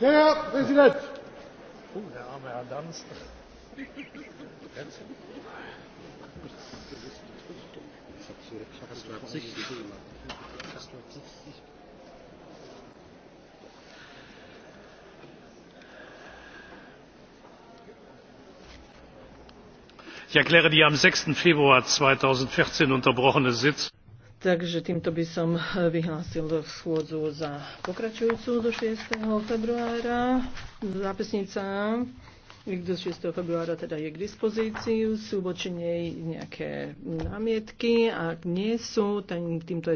Herr Präsident! Oh, der arme Herr Danz. ich erkläre die am. 6. februar 2014 unterbrochene sitzung Takže týmto by som eh, vyhlásil schôdzu za pokračujúcu do 6. februára. Zápisnica do 6. februára teda je k dispozícii, sú voči nej nejaké námietky, ak nie sú, tak týmto je